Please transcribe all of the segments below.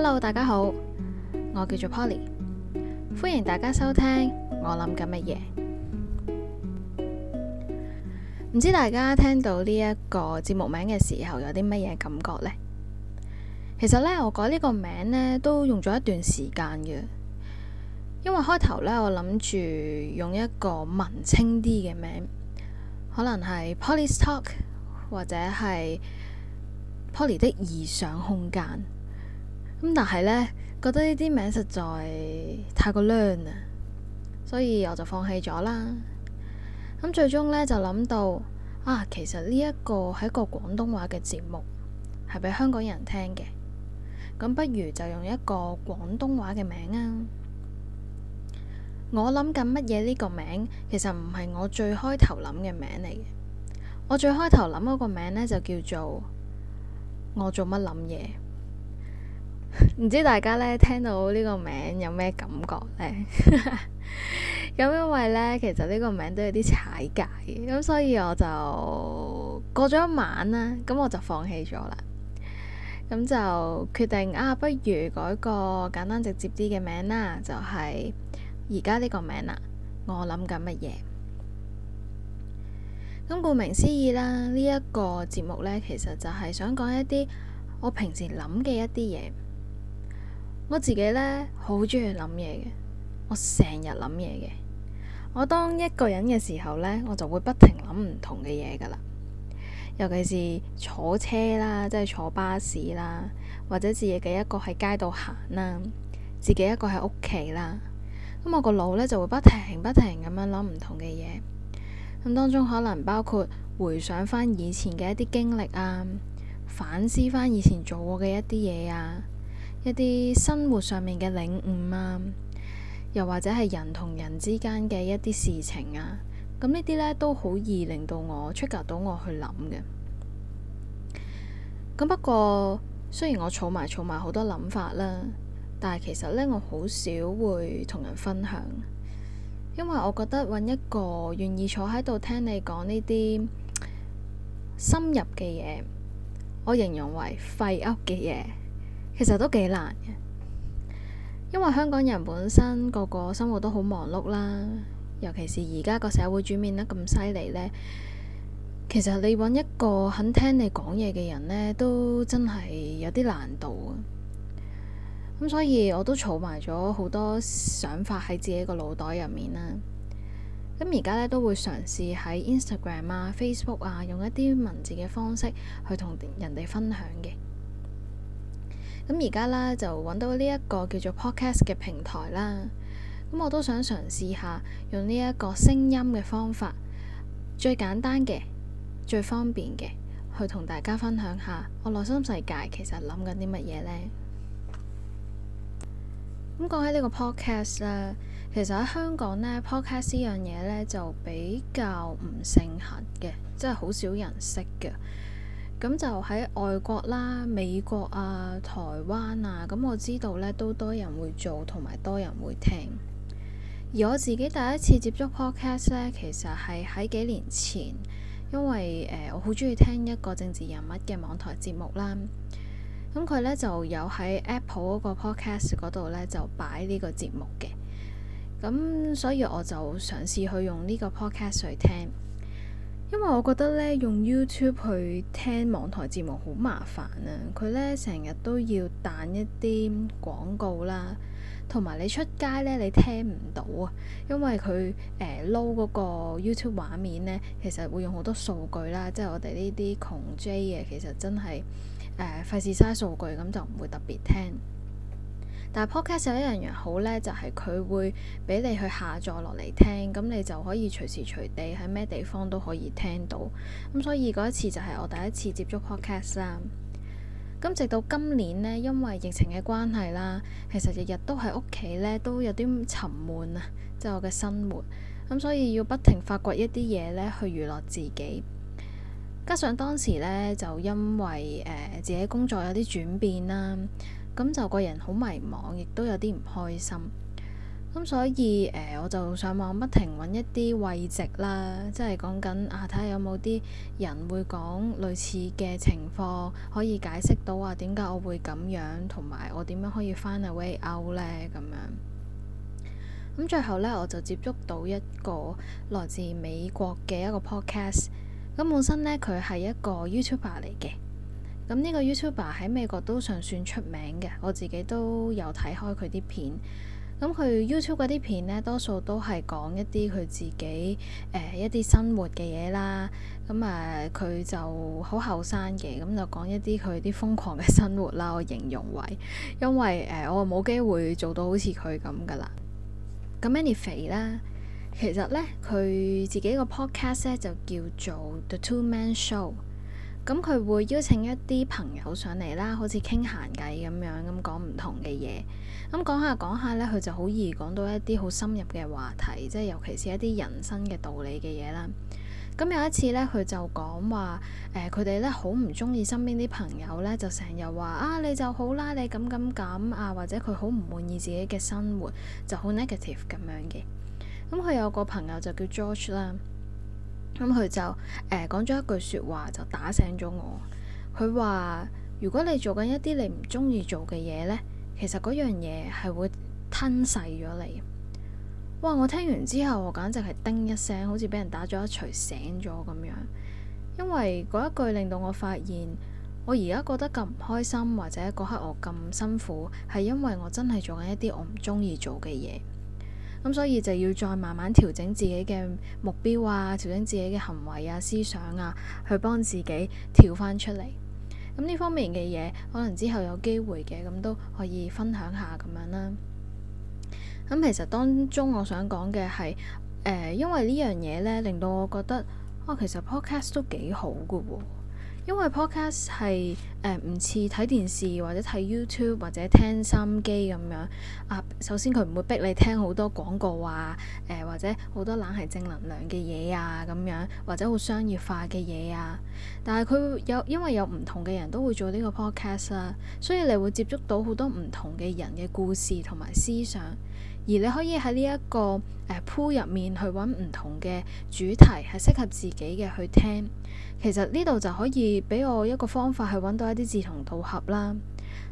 Hello，大家好，我叫做 Polly，歡迎大家收聽我諗緊乜嘢。唔知大家聽到呢一個節目名嘅時候有啲乜嘢感覺呢？其實呢，我改呢個名呢都用咗一段時間嘅，因為開頭呢我諗住用一個文青啲嘅名，可能係 Polly's Talk 或者係 Polly 的異想空間。咁但係呢，覺得呢啲名實在太過娘啦，所以我就放棄咗啦。咁最終呢，就諗到啊，其實呢一個係一個廣東話嘅節目，係俾香港人聽嘅。咁不如就用一個廣東話嘅名啊！我諗緊乜嘢呢個名，其實唔係我最開頭諗嘅名嚟嘅。我最開頭諗嗰個名呢，就叫做我做乜諗嘢。唔 知大家呢聽到呢個名有咩感覺呢？咁 因為呢，其實呢個名都有啲踩界嘅，咁所以我就過咗一晚啦，咁我就放棄咗啦。咁就決定啊，不如改個簡單直接啲嘅名啦，就係而家呢個名啦。我諗緊乜嘢？咁顧名思義啦，呢、這、一個節目呢，其實就係想講一啲我平時諗嘅一啲嘢。我自己呢，好中意諗嘢嘅，我成日諗嘢嘅。我當一個人嘅時候呢，我就會不停諗唔同嘅嘢噶啦。尤其是坐車啦，即係坐巴士啦，或者自己嘅一個喺街度行啦，自己一個喺屋企啦，咁我個腦呢，就會不停不停咁樣諗唔同嘅嘢。咁當中可能包括回想翻以前嘅一啲經歷啊，反思翻以前做過嘅一啲嘢啊。一啲生活上面嘅領悟啊，又或者係人同人之間嘅一啲事情啊，咁呢啲咧，都好易令到我 trigger 到我去諗嘅。咁不過，雖然我儲埋儲埋好多諗法啦，但係其實咧我好少會同人分享，因為我覺得揾一個願意坐喺度聽你講呢啲深入嘅嘢，我形容為廢噏嘅嘢。其實都幾難嘅，因為香港人本身個個生活都好忙碌啦，尤其是而家個社會轉變得咁犀利呢。其實你揾一個肯聽你講嘢嘅人呢，都真係有啲難度啊。咁所以我都儲埋咗好多想法喺自己個腦袋入面啦。咁而家呢，都會嘗試喺 Instagram 啊、Facebook 啊，用一啲文字嘅方式去同人哋分享嘅。咁而家啦，就揾到呢一個叫做 Podcast 嘅平台啦，咁我都想嘗試下用呢一個聲音嘅方法，最簡單嘅、最方便嘅，去同大家分享下我內心世界其實諗緊啲乜嘢呢？咁講起個呢個 Podcast 啦，其實喺香港呢 Podcast 呢樣嘢呢，就比較唔盛行嘅，即係好少人識嘅。咁就喺外國啦、美國啊、台灣啊，咁我知道呢，都多人會做同埋多人會聽。而我自己第一次接觸 podcast 呢，其實係喺幾年前，因為、呃、我好鍾意聽一個政治人物嘅網台節目啦。咁佢呢就有喺 Apple 嗰個 podcast 嗰度呢，就擺呢個節目嘅。咁所以我就嘗試去用呢個 podcast 去聽。因為我覺得咧，用 YouTube 去聽網台節目好麻煩啊！佢咧成日都要彈一啲廣告啦，同埋你出街咧你聽唔到啊！因為佢誒撈嗰個 YouTube 畫面咧，其實會用好多數據啦，即係我哋呢啲窮 J 嘅，其實真係誒、呃、費事嘥數據，咁就唔會特別聽。但係 podcast 有一樣嘢好呢，就係、是、佢會俾你去下載落嚟聽，咁你就可以隨時隨地喺咩地方都可以聽到。咁所以嗰一次就係我第一次接觸 podcast 啦。咁直到今年呢，因為疫情嘅關係啦，其實日日都喺屋企呢都有啲沉悶啊，即、就、係、是、我嘅生活。咁所以要不停發掘一啲嘢呢去娛樂自己。加上當時呢，就因為、呃、自己工作有啲轉變啦。咁就個人好迷茫，亦都有啲唔開心。咁所以、呃、我就上網不停揾一啲慰藉啦，即係講緊啊，睇下有冇啲人會講類似嘅情況，可以解釋到話點解我會咁樣，同埋我點樣可以 find a way out 呢咁樣。咁最後呢，我就接觸到一個來自美國嘅一個 podcast。咁本身呢，佢係一個 YouTuber 嚟嘅。咁呢個 YouTuber 喺美國都尚算出名嘅，我自己都有睇開佢啲片。咁佢 YouTube 嗰啲片呢，多數都係講一啲佢自己誒、呃、一啲生活嘅嘢啦。咁啊，佢、呃、就好後生嘅，咁就講一啲佢啲瘋狂嘅生活啦。我形容為，因為誒、呃、我冇機會做到好似佢咁噶啦。咁 anyway 啦，其實呢，佢自己個 Podcast 咧就叫做 The Two Man Show。咁佢會邀請一啲朋友上嚟啦，好似傾閒偈咁樣，咁講唔同嘅嘢。咁講下講下呢，佢就好易講到一啲好深入嘅話題，即係尤其是一啲人生嘅道理嘅嘢啦。咁有一次呢，佢就講話，誒佢哋呢好唔中意身邊啲朋友呢，就成日話啊你就好啦，你咁咁咁啊，或者佢好唔滿意自己嘅生活，就好 negative 咁樣嘅。咁佢有個朋友就叫 George 啦。咁佢、嗯、就誒講咗一句説話，就打醒咗我。佢話：如果你做緊一啲你唔中意做嘅嘢呢，其實嗰樣嘢係會吞噬咗你。哇！我聽完之後，我簡直係叮一聲，好似俾人打咗一錘醒咗咁樣。因為嗰一句令到我發現，我而家覺得咁唔開心，或者嗰刻我咁辛苦，係因為我真係做緊一啲我唔中意做嘅嘢。咁所以就要再慢慢調整自己嘅目標啊，調整自己嘅行為啊、思想啊，去幫自己調翻出嚟。咁呢方面嘅嘢，可能之後有機會嘅，咁都可以分享下咁樣啦。咁其實當中我想講嘅係，誒、呃，因為呢樣嘢呢，令到我覺得啊、哦，其實 podcast 都幾好㗎喎。因為 podcast 係誒唔、呃、似睇電視或者睇 YouTube 或者聽收音機咁樣啊，首先佢唔會逼你聽好多廣告啊，誒、呃、或者好多冷係正能量嘅嘢啊咁樣，或者好商業化嘅嘢啊。但係佢有因為有唔同嘅人都會做呢個 podcast 啦、啊，所以你會接觸到好多唔同嘅人嘅故事同埋思想。而你可以喺呢一個誒鋪入面去揾唔同嘅主題係適合自己嘅去聽，其實呢度就可以俾我一個方法去揾到一啲志同道合啦。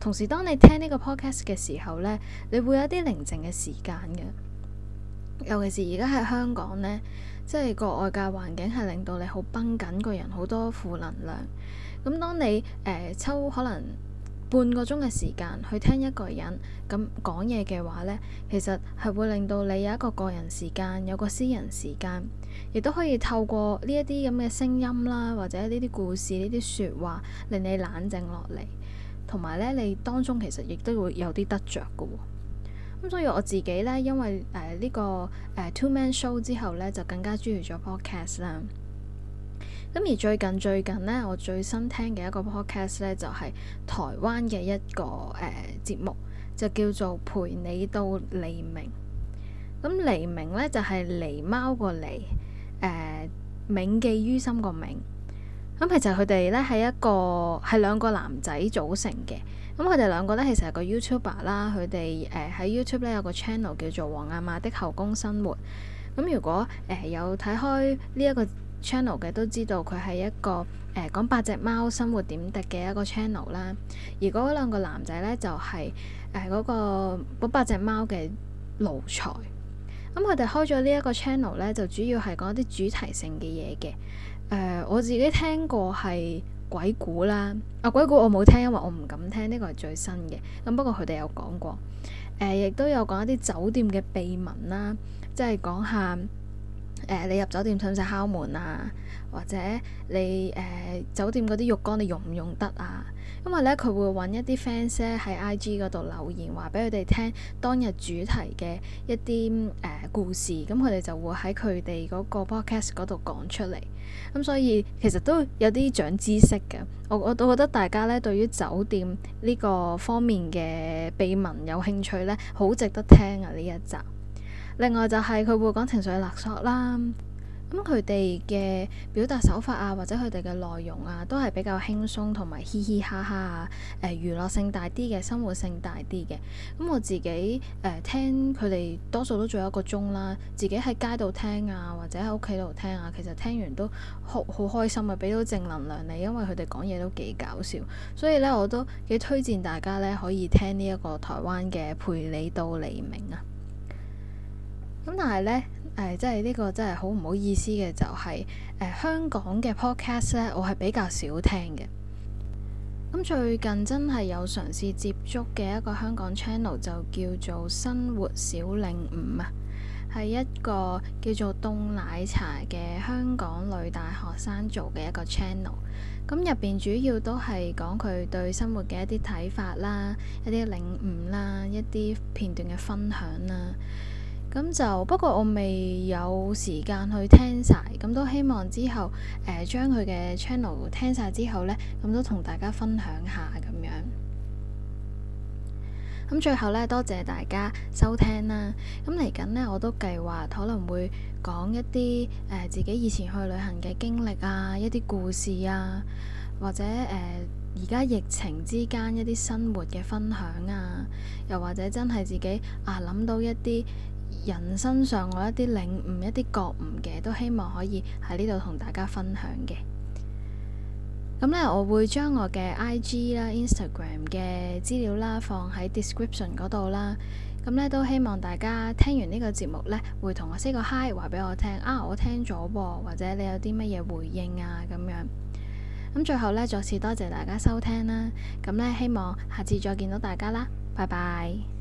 同時，當你聽呢個 Podcast 嘅時候呢，你會有一啲寧靜嘅時間嘅，尤其是而家喺香港呢，即係個外界環境係令到你好繃緊，個人好多負能量。咁當你誒、呃、抽可能。半個鐘嘅時，時間去聽一個人咁講嘢嘅話呢，其實係會令到你有一個個人時間，有個私人時間，亦都可以透過呢一啲咁嘅聲音啦，或者呢啲故事、呢啲説話，令你冷靜落嚟，同埋呢，你當中其實亦都會有啲得着嘅喎。咁所以我自己呢，因為呢、呃這個、呃、Two Man Show 之後呢，就更加鍾意咗 Podcast 啦。咁而最近最近呢，我最新聽嘅一個 podcast 呢，就係、是、台灣嘅一個誒節、呃、目，就叫做《陪你到黎明》。咁、嗯、黎明呢，就係狸貓個狸，誒、呃、銘記於心個銘。咁、嗯、其實佢哋呢，係一個係兩個男仔組成嘅。咁佢哋兩個呢，其實係個 YouTuber 啦。佢哋誒喺、呃、YouTube 呢，有個 channel 叫做《黃阿瑪的後宮生活》。咁、嗯、如果誒、呃、有睇開呢、這、一個 channel 嘅都知道佢係一個誒講、呃、八隻貓生活點滴嘅一個 channel 啦。而嗰兩個男仔呢，就係誒嗰個八隻貓嘅奴才。咁佢哋開咗呢一個 channel 呢，就主要係講一啲主題性嘅嘢嘅。誒、呃，我自己聽過係鬼故啦。阿、啊、鬼故我冇聽，因為我唔敢聽呢個係最新嘅。咁、嗯、不過佢哋有講過，誒、呃、亦都有講一啲酒店嘅秘聞啦，即係講下。誒、呃，你入酒店使唔使敲門啊？或者你誒、呃、酒店嗰啲浴缸你用唔用得啊？因為咧佢會揾一啲 fans 喺 IG 嗰度留言，話俾佢哋聽當日主題嘅一啲誒、呃、故事，咁佢哋就會喺佢哋嗰個 podcast 嗰度講出嚟。咁所以其實都有啲長知識嘅。我我都覺得大家咧對於酒店呢個方面嘅秘聞有興趣咧，好值得聽啊！呢一集。另外就係佢會講情緒勒索啦，咁佢哋嘅表達手法啊，或者佢哋嘅內容啊，都係比較輕鬆同埋嘻嘻哈哈啊，誒娛樂性大啲嘅，生活性大啲嘅。咁我自己誒、呃、聽佢哋多數都做一個鐘啦，自己喺街度聽啊，或者喺屋企度聽啊，其實聽完都好好開心啊，俾到正能量你，因為佢哋講嘢都幾搞笑，所以呢，我都幾推薦大家呢，可以聽呢一個台灣嘅陪你到黎明啊。咁但係呢，誒、哎，即係呢個真係好唔好意思嘅，就係、是、誒、呃、香港嘅 podcast 呢，我係比較少聽嘅。咁最近真係有嘗試接觸嘅一個香港 channel 就叫做《生活小領悟》啊，係一個叫做凍奶茶嘅香港女大學生做嘅一個 channel。咁入邊主要都係講佢對生活嘅一啲睇法啦、一啲領悟啦、一啲片段嘅分享啦。咁就不過我未有時間去聽晒，咁都希望之後誒將佢嘅 channel 聽晒之後呢，咁都同大家分享下咁樣。咁最後呢，多謝大家收聽啦。咁嚟緊呢，我都計劃可能會講一啲誒、呃、自己以前去旅行嘅經歷啊，一啲故事啊，或者誒而家疫情之間一啲生活嘅分享啊，又或者真係自己啊諗到一啲。人身上我一啲領悟一啲覺悟嘅，都希望可以喺呢度同大家分享嘅。咁呢，我會將我嘅 IG 啦、Instagram 嘅資料啦放喺 description 嗰度啦。咁呢，都希望大家聽完呢個節目呢，會同我 say 個 hi 話俾我聽啊！我聽咗噃、啊，或者你有啲乜嘢回應啊咁樣。咁最後呢，再次多謝大家收聽啦。咁呢，希望下次再見到大家啦，拜拜。